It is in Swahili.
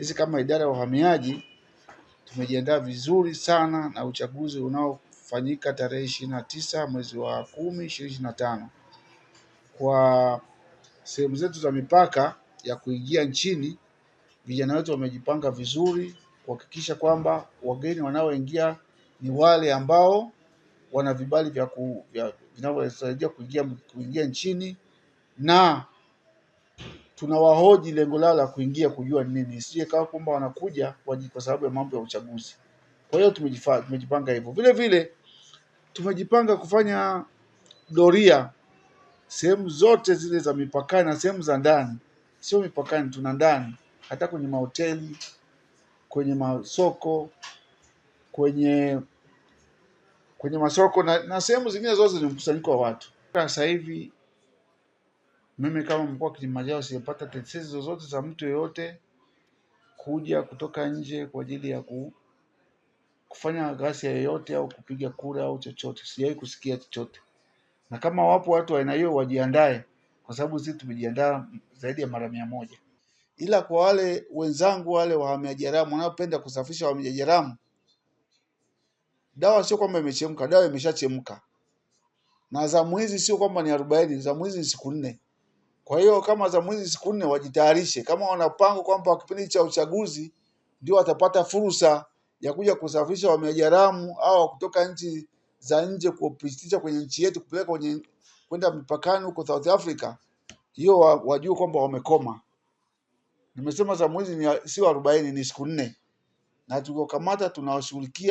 Sisi kama idara ya uhamiaji tumejiandaa vizuri sana na uchaguzi unaofanyika tarehe ishirini na tisa mwezi wa kumi ishirini na tano. Kwa sehemu zetu za mipaka ya kuingia nchini, vijana wetu wamejipanga vizuri kuhakikisha kwamba wageni wanaoingia ni wale ambao wana vibali vya vya- vinavyosaidia kuingia kuingia nchini na tunawahoji lengo lao la kuingia kujua ni nini, isije kawa kwamba wanakuja kwa sababu ya mambo ya uchaguzi. Kwa hiyo tumejipanga hivyo. Vile vile tumejipanga kufanya doria sehemu zote zile za mipakani na sehemu za ndani, sio mipakani, tuna ndani, hata kwenye mahoteli, kwenye masoko, kwenye kwenye masoko na, na sehemu zingine zote ni mkusanyiko wa watu. Sasa hivi mimi kama mkoa wa Kilimanjaro sijapata tetesi zozote za mtu yeyote kuja kutoka nje kwa ajili ya kufanya ghasia yoyote au kupiga kura au chochote. Sijawahi kusikia chochote, na kama wapo watu aina hiyo wajiandae, kwa sababu sisi tumejiandaa zaidi ya mara mia moja. Ila kwa wale wenzangu wale wahamiaji haramu wanaopenda kusafisha wahamiaji haramu, dawa sio kwamba imechemka, dawa imeshachemka. Na zamu hizi sio kwamba ni arobaini, zamu hizi ni siku nne. Kwa hiyo kama za mwizi siku nne wajitayarishe, kama wanapangwa kwamba kipindi cha uchaguzi ndio watapata fursa ya kuja kusafirisha wamejaramu au kutoka nchi za nje kupitisha kwenye nchi yetu kupeleka kwenye kwenda mpakani huko South Africa, hiyo wajue kwamba wamekoma. Nimesema za mwizi ni sio arobaini, ni siku nne, na tukokamata tunawashughulikia.